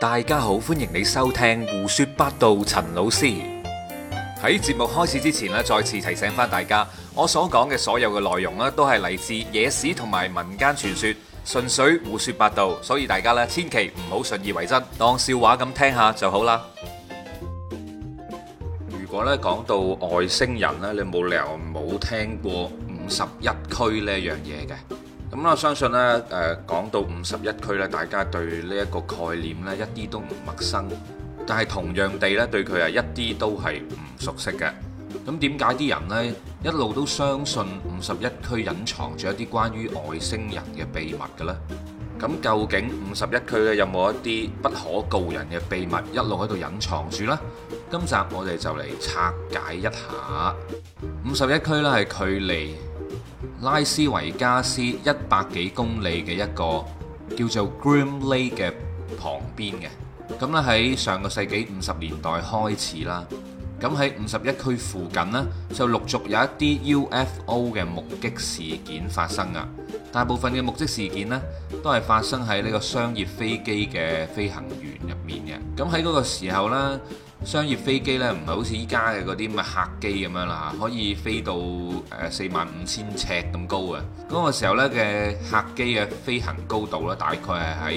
大家好，歡迎你收聽胡說八道。陳老師喺節目開始之前咧，再次提醒翻大家，我所講嘅所有嘅內容咧，都係嚟自野史同埋民間傳說，純粹胡說八道，所以大家咧千祈唔好信以為真，當笑話咁聽下就好啦。如果咧講到外星人咧，你冇理由冇聽過五十一區呢一樣嘢嘅。咁我相信咧，誒講到五十一區咧，大家對呢一個概念咧一啲都唔陌生，但係同樣地咧對佢係一啲都係唔熟悉嘅。咁點解啲人咧一路都相信五十一區隱藏住一啲關於外星人嘅秘密嘅呢？咁究竟五十一區咧有冇一啲不可告人嘅秘密一路喺度隱藏住呢？今集我哋就嚟拆解一下五十一區咧，係距離拉斯維加斯一百幾公里嘅一個叫做 Groom Lake 嘅旁邊嘅咁咧，喺上個世紀五十年代開始啦，咁喺五十一區附近呢，就陸續有一啲 UFO 嘅目擊事件發生啊。大部分嘅目擊事件呢，都係發生喺呢個商業飛機嘅飛行員入面嘅。咁喺嗰個時候呢。商業飛機咧，唔係好似依家嘅嗰啲咪客機咁樣啦，可以飛到誒四萬五千尺咁高嘅。嗰個時候咧嘅客機嘅飛行高度咧，大概係喺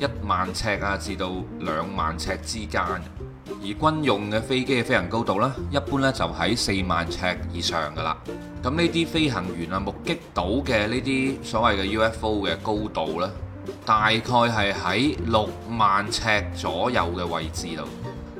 一萬尺啊至到兩萬尺之間。而軍用嘅飛機嘅飛行高度咧，一般咧就喺四萬尺以上噶啦。咁呢啲飛行員啊，目擊到嘅呢啲所謂嘅 UFO 嘅高度咧，大概係喺六萬尺左右嘅位置度。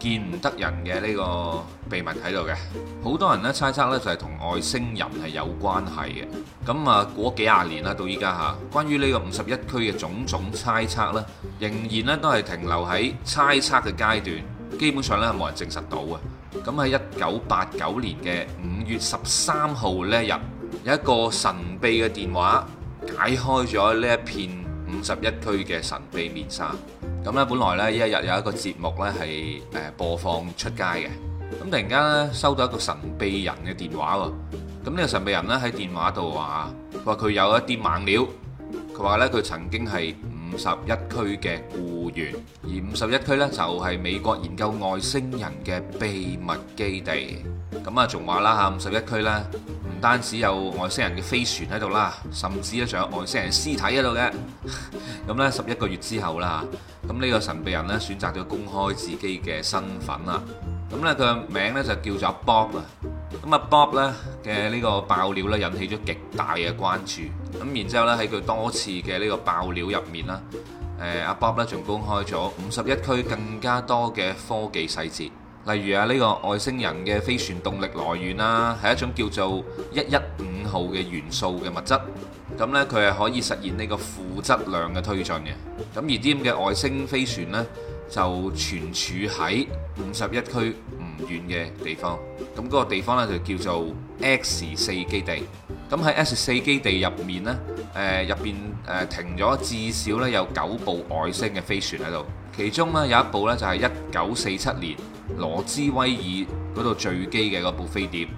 見唔得人嘅呢個秘密喺度嘅，好多人咧猜測呢，就係同外星人係有關係嘅。咁啊過幾廿年啦，到依家嚇，關於呢個五十一區嘅種種猜測呢，仍然呢都係停留喺猜測嘅階段，基本上呢，冇人證實到啊。咁喺一九八九年嘅五月十三號呢一日，有一個神秘嘅電話解開咗呢一片五十一區嘅神秘面紗。咁咧，本來咧，一日有一個節目咧，係誒播放出街嘅。咁突然間咧，收到一個神秘人嘅電話喎。咁呢個神秘人咧喺電話度話，佢話佢有一啲猛料。佢話咧，佢曾經係五十一區嘅僱員，而五十一區咧就係美國研究外星人嘅秘密基地。咁啊，仲話啦嚇，五十一區咧唔單止有外星人嘅飛船喺度啦，甚至咧仲有外星人屍體喺度嘅。咁咧，十一個月之後啦。咁呢個神秘人呢選擇咗公開自己嘅身份啦，咁呢佢嘅名呢就叫做 Bob 啊，咁阿 Bob 呢嘅呢個爆料呢引起咗極大嘅關注，咁然之後呢喺佢多次嘅呢個爆料入面啦，誒阿 Bob 呢仲公開咗五十一區更加多嘅科技細節，例如啊呢個外星人嘅飛船動力來源啦係一種叫做一一五號嘅元素嘅物質。咁呢，佢係可以實現呢個負質量嘅推進嘅。咁而啲咁嘅外星飛船呢，就存儲喺五十一區唔遠嘅地方。咁、那、嗰個地方呢，就叫做 X 四基地。咁喺 X 四基地入面呢，誒入邊誒停咗至少呢有九部外星嘅飛船喺度，其中呢，有一部呢就係一九四七年羅茲威爾嗰度墜機嘅嗰部飛碟。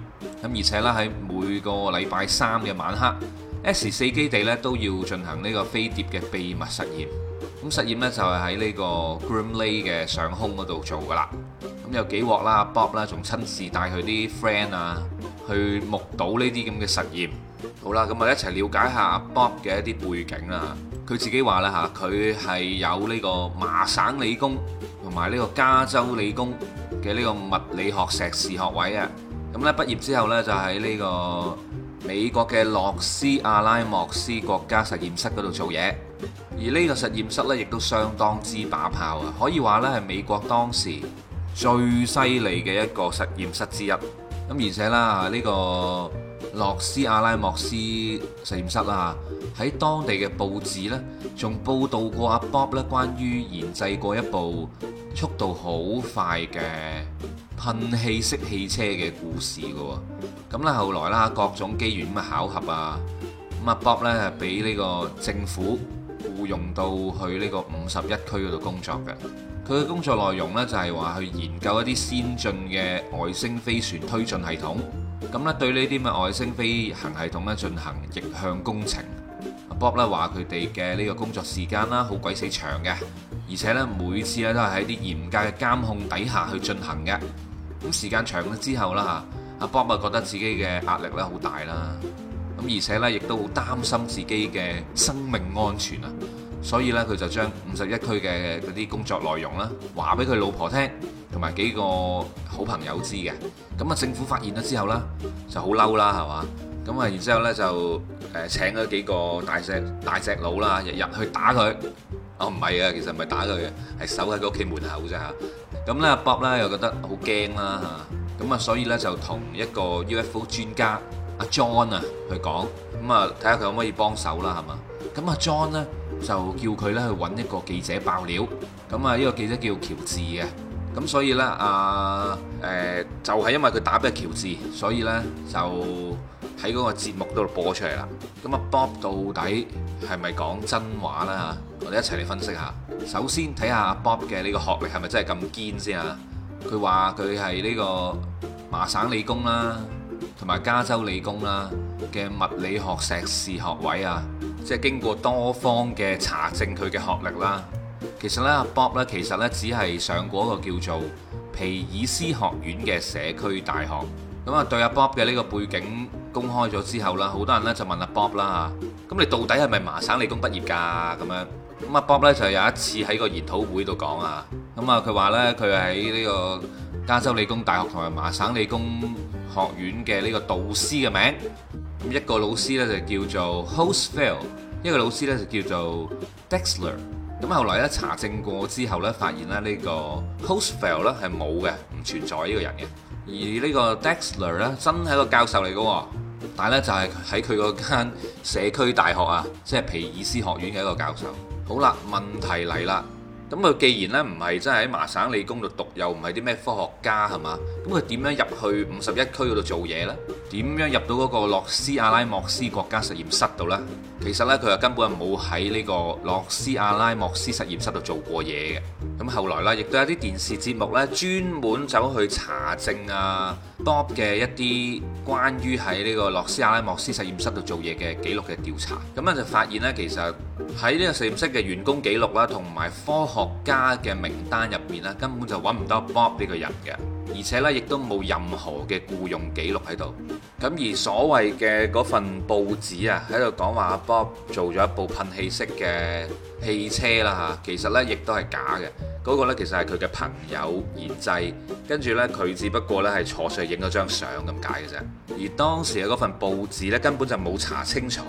咁而且咧喺每個禮拜三嘅晚黑。S 四基地咧都要進行呢個飛碟嘅秘密實驗，咁實驗呢，就係喺呢個 Grimley 嘅上空嗰度做噶啦。咁有幾鑊啦，Bob 啦，仲親自帶佢啲 friend 啊去目睹呢啲咁嘅實驗。好啦，咁我哋一齊了解下 Bob 嘅一啲背景啦。佢自己話啦嚇，佢係有呢個麻省理工同埋呢個加州理工嘅呢個物理學碩士學位啊。咁呢畢業之後呢，就喺呢個，美國嘅洛斯阿拉莫斯國家實驗室嗰度做嘢，而呢個實驗室呢亦都相當之把炮啊！可以話呢係美國當時最犀利嘅一個實驗室之一。咁而且啦，呢個洛斯阿拉莫斯實驗室啦，喺當地嘅報紙呢仲報道過阿 Bob 咧，關於研製過一部。速度好快嘅噴氣式汽車嘅故事嘅喎，咁咧後來啦，各種機緣咁巧合啊，咁啊 Bob 咧係俾呢個政府僱用到去呢個五十一區嗰度工作嘅。佢嘅工作內容咧就係話去研究一啲先進嘅外星飛船推進系統，咁咧對呢啲嘅外星飛行系統咧進行逆向工程。Bob 咧話佢哋嘅呢個工作時間啦，好鬼死長嘅。而且咧，每次咧都係喺啲嚴格嘅監控底下去進行嘅。咁時間長咗之後啦，嚇，阿 Bob 覺得自己嘅壓力咧好大啦。咁而且咧，亦都好擔心自己嘅生命安全啊。所以咧，佢就將五十一區嘅嗰啲工作內容啦，話俾佢老婆聽，同埋幾個好朋友知嘅。咁啊，政府發現咗之後啦，就好嬲啦，係嘛？咁啊，然之後咧就誒請咗幾個大隻大隻佬啦，日日去打佢。哦，唔係啊，其實唔係打佢嘅，係守喺佢屋企門口咋嚇。咁咧，阿 Bob 咧又覺得好驚啦嚇，咁啊，所以咧就同一個 UFO 專家阿 John 啊去講，咁啊睇下佢可唔可以幫手啦係嘛？咁啊 John 咧就叫佢咧去揾一個記者爆料，咁啊呢個記者叫喬治嘅，咁所以咧阿誒就係因為佢打俾喬治，所以咧就，喺嗰個節目度播出嚟啦。咁阿 Bob 到底係咪講真話呢？我哋一齊嚟分析下。首先睇下阿 Bob 嘅呢個學歷係咪真係咁堅先啊？佢話佢係呢個麻省理工啦，同埋加州理工啦嘅物理學碩士學位啊。即係經過多方嘅查證，佢嘅學歷啦。其實阿 Bob 呢、Bob、其實呢只係上過一個叫做皮爾斯學院嘅社區大學。咁啊，對阿 Bob 嘅呢個背景。公開咗之後啦，好多人咧就問阿 Bob 啦咁、嗯、你到底係咪麻省理工畢業㗎咁樣？咁、嗯、阿 Bob 咧就有一次喺個研討會度講啊，咁啊佢話咧佢喺呢個加州理工大學同埋麻省理工學院嘅呢個導師嘅名，咁一個老師咧就叫做 Hosfield，e 一個老師咧就叫做 Dexler。咁後來咧查證過之後咧，發現咧呢個 Hosfield e 咧係冇嘅，唔存在呢個人嘅，而個呢個 Dexler 咧真係一個教授嚟嘅，喔。但咧就係喺佢嗰間社區大學啊，即係皮爾斯學院嘅一個教授。好啦，問題嚟啦，咁佢既然呢唔係真係喺麻省理工度讀，又唔係啲咩科學家係嘛，咁佢點樣入去五十一區嗰度做嘢呢？點樣入到嗰個洛斯阿拉莫斯國家實驗室度呢？其實呢，佢又根本冇喺呢個洛斯阿拉莫斯實驗室度做過嘢嘅。咁後來咧，亦都有啲電視節目呢，專門走去查證啊。Bob 嘅一啲關於喺呢個洛斯阿拉莫斯實驗室度做嘢嘅記錄嘅調查，咁咧就發現呢，其實喺呢個實驗室嘅員工記錄啦，同埋科學家嘅名單入面呢，根本就揾唔到 Bob 呢個人嘅。而且咧，亦都冇任何嘅雇用記錄喺度。咁而所謂嘅嗰份報紙啊，喺度講話阿 Bob 做咗一部噴氣式嘅汽車啦嚇，其實呢，亦都係假嘅。嗰個咧其實係佢嘅朋友研製，跟住呢，佢只不過呢，係坐上去影咗張相咁解嘅啫。而當時嘅嗰份報紙呢，根本就冇查清楚。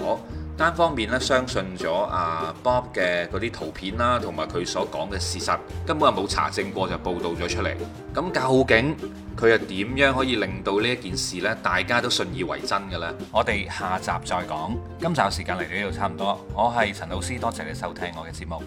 單方面咧相信咗啊 Bob 嘅嗰啲圖片啦，同埋佢所講嘅事實，根本係冇查證過就報導咗出嚟。咁究竟佢又點樣可以令到呢一件事咧，大家都信以為真嘅呢？我哋下集再講。今集時間嚟到呢度差唔多，我係陳老師，多謝你收聽我嘅節目。